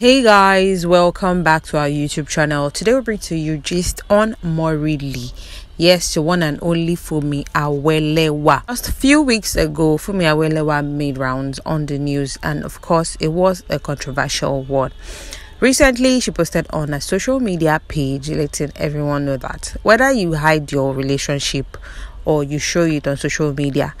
Hey guys, welcome back to our YouTube channel. Today we bring to you gist on Mori Lee. Yes, the one and only Fumi Awelewa. Just a few weeks ago, Fumi Awelewa made rounds on the news, and of course, it was a controversial one. Recently, she posted on a social media page letting everyone know that whether you hide your relationship or you show it on social media,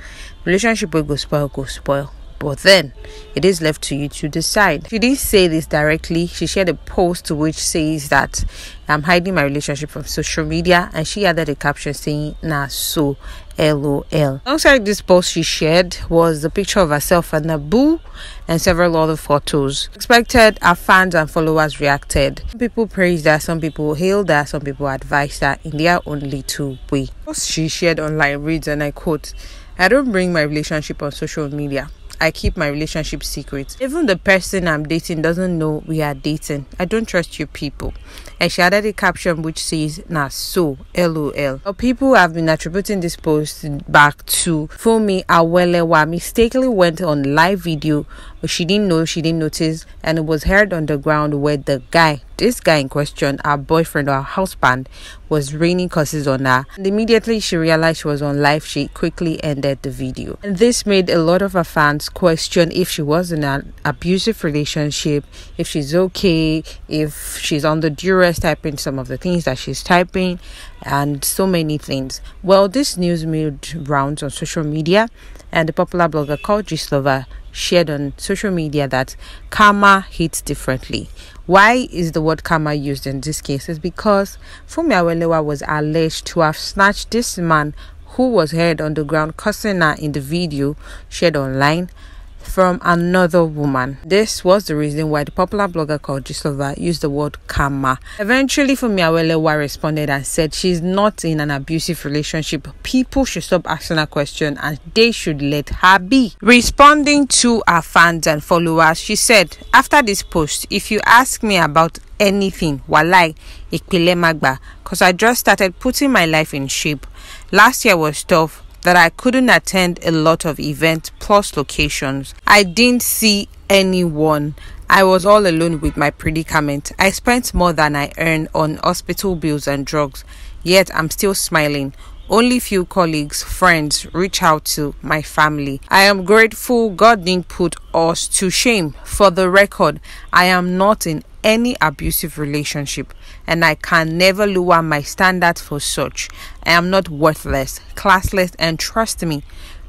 relationship will go spoil, go spoil. But then it is left to you to decide. She didn't say this directly. She shared a post which says that I'm hiding my relationship from social media, and she added a caption saying, Nah, so LOL. Alongside this post she shared was a picture of herself and Naboo and several other photos. Expected her fans and followers reacted. Some people praised her, some people hailed her, some people advised her in their own little way. Post she shared online reads and I quote, I don't bring my relationship on social media. I keep my relationship secret. Even the person I'm dating doesn't know we are dating. I don't trust you people. And she added a caption which says, Nah, so, lol. Now, people have been attributing this post back to Fumi Awelewa mistakenly went on live video, but she didn't know, she didn't notice, and it was heard on the ground where the guy this guy in question, her boyfriend or her husband, was raining curses on her. And immediately she realized she was on live, she quickly ended the video. And this made a lot of her fans question if she was in an abusive relationship, if she's okay, if she's on the duress typing some of the things that she's typing, and so many things. Well, this news made rounds on social media, and the popular blogger called Gislova shared on social media that karma hits differently. Why is the word karma used in this case? because Fumi Awelewa was alleged to have snatched this man who was heard on the ground cursing her in the video shared online from another woman. This was the reason why the popular blogger called Gislova used the word karma. Eventually, Fumiawelewa responded and said she's not in an abusive relationship. People should stop asking her question and they should let her be. Responding to her fans and followers, she said, After this post, if you ask me about anything, walai, ikile magba, because I just started putting my life in shape. Last year was tough that I couldn't attend a lot of events plus locations. I didn't see anyone. I was all alone with my predicament. I spent more than I earned on hospital bills and drugs, yet I'm still smiling. Only few colleagues, friends reach out to my family. I am grateful God didn't put us to shame. For the record, I am not in any abusive relationship, and I can never lower my standard for such. I am not worthless, classless, and trust me,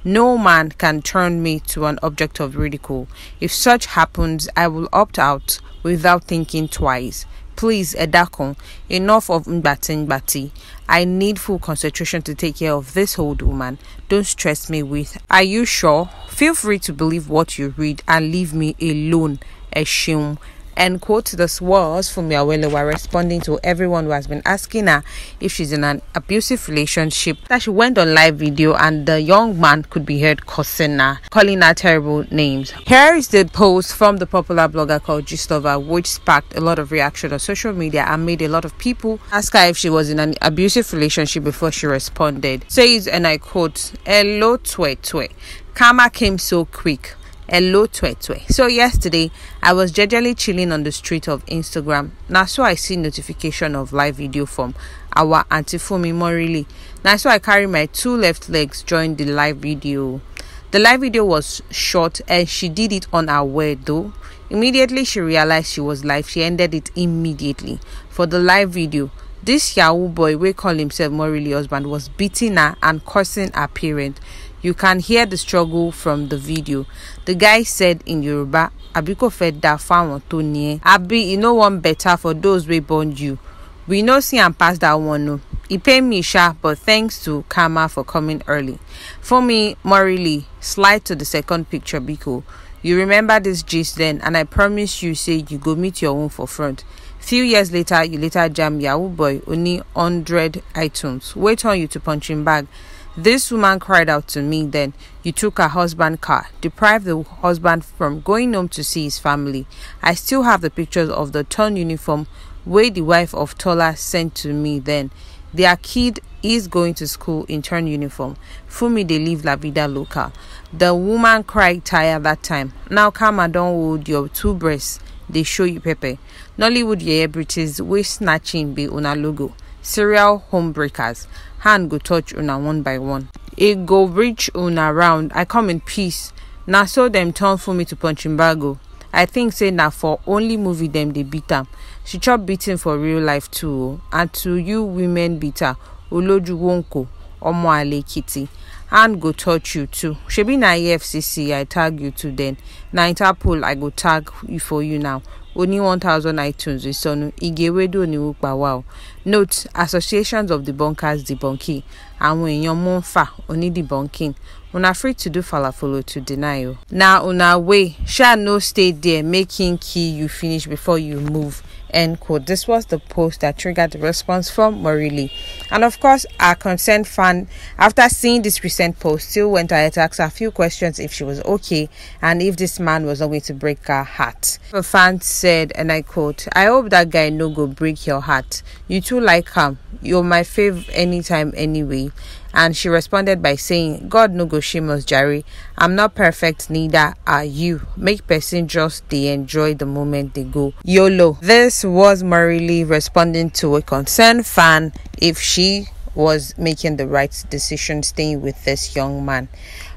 no man can turn me to an object of ridicule. If such happens, I will opt out without thinking twice. Please, Edakon, enough of Mbati Mbati. I need full concentration to take care of this old woman. Don't stress me with, are you sure? Feel free to believe what you read and leave me alone. Assume. End quote. This was Fumi Awelewa responding to everyone who has been asking her if she's in an abusive relationship. That she went on live video and the young man could be heard cursing her, calling her terrible names. Here is the post from the popular blogger called Gistova, which sparked a lot of reaction on social media and made a lot of people ask her if she was in an abusive relationship before she responded. Says, and I quote, Hello, Twe Twe. Karma came so quick. Hello, Twetwe. So yesterday, I was generally chilling on the street of Instagram. Now, so I see notification of live video from our Auntie Fumi Morili. Now, so I carry my two left legs join the live video. The live video was short and she did it on her way though. Immediately she realized she was live, she ended it immediately. For the live video, this Yahoo boy, we call himself Morili husband, was beating her and cursing her parent. You can hear the struggle from the video. The guy said in Yoruba, Abiko fed that farm Tony. Abi, you know one better for those we bond you. We know see and pass that one no. He pay me sharp, but thanks to Kama for coming early. For me, morally, slide to the second picture, Biko. You remember this gist then, and I promise you say you go meet your own for front. Few years later, you later jam Yahoo Boy, only 100 iTunes. Wait on you to punch him back. This woman cried out to me then, You took her husband's car, deprived the husband from going home to see his family. I still have the pictures of the torn uniform way the wife of Tola sent to me then. Their kid is going to school in torn uniform. For me, they leave La Vida Loca. The woman cried tired that time. Now come and don't hold your two breasts. They show you Pepe. Nollywood Yeye British waist snatching be on a logo. serial homebreakers hand go touch una one by one e go reach una round i come in peace na so dem turn funmi to punching bag o i think say na for only movie dem dey beat am she chop beating for real life too o oh. and to you women beater oloju wonko ọmọ àlè kìtì hand go touch you too shebi na efcc i tag you too then na interpol i go tag for you now oní one thousand itunes ìsọnù igi ewédú òníwó pa wá o note associations of debunkers debunking àwọn èèyàn mú ń debunking una free to do falafolo to deny o. na una way sha no stay there make him kill you finish before you move End quote. This was the post that triggered the response from Morili. And of course, our concerned fan, after seeing this recent post, still went ahead to ask her a few questions if she was okay and if this man was not going to break her heart. A fan said, and I quote, I hope that guy no go break your heart. You too like him. You're my fave anytime anyway and she responded by saying, God no go shame us, Jerry. I'm not perfect, neither are you. Make person just they enjoy the moment they go. YOLO. This this was Marie Lee responding to a concerned fan if she was making the right decision staying with this young man.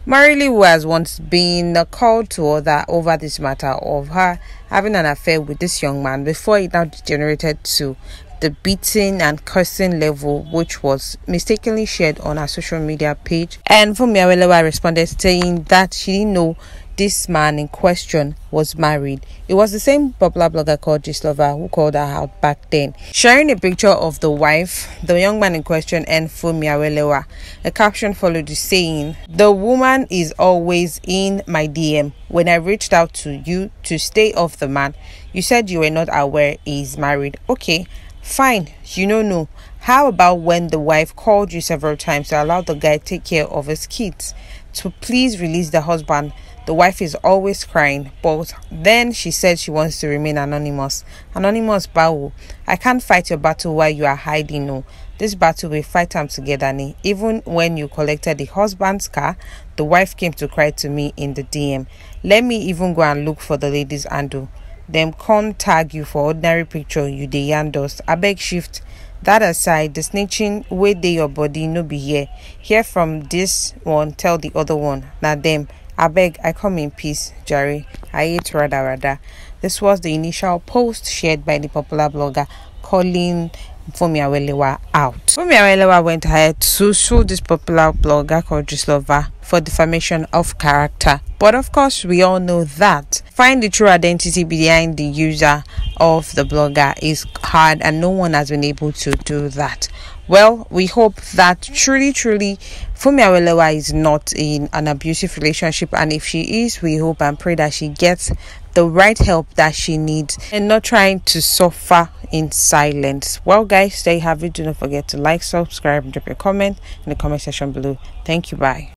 Marilee was once been called to order over this matter of her having an affair with this young man before it now degenerated to the beating and cursing level which was mistakenly shared on her social media page and Funmi Awelewa responded saying that she didn't know this man in question was married. It was the same popular blogger called Gislova who called her out back then. Sharing a picture of the wife, the young man in question, and Fumi Awelewa, a caption followed saying, The woman is always in my DM. When I reached out to you to stay off the man, you said you were not aware he's married. Okay, fine, you know, no. How about when the wife called you several times to allow the guy take care of his kids? To please release the husband the wife is always crying, but then she said she wants to remain anonymous. Anonymous bao. I can't fight your battle while you are hiding. No, this battle we fight them together. Ne? Even when you collected the husband's car, the wife came to cry to me in the DM. Let me even go and look for the ladies and do. Them come tag you for ordinary picture, you dey yarn I beg shift. That aside, the snitching way dey your body no be here. Hear from this one, tell the other one. Now them. I beg, I come in peace, Jerry. I eat rada rada. This was the initial post shared by the popular blogger Colin Fumi Awelewa out. Fumi Awelewa went ahead to sue this popular blogger called Gislova for defamation of character. But of course, we all know that find the true identity behind the user of the blogger is hard and no one has been able to do that. Well, we hope that truly, truly, Fumi Awelewa is not in an abusive relationship, and if she is, we hope and pray that she gets the right help that she needs and not trying to suffer in silence. Well, guys, there you have it. Do not forget to like, subscribe, drop your comment in the comment section below. Thank you. Bye.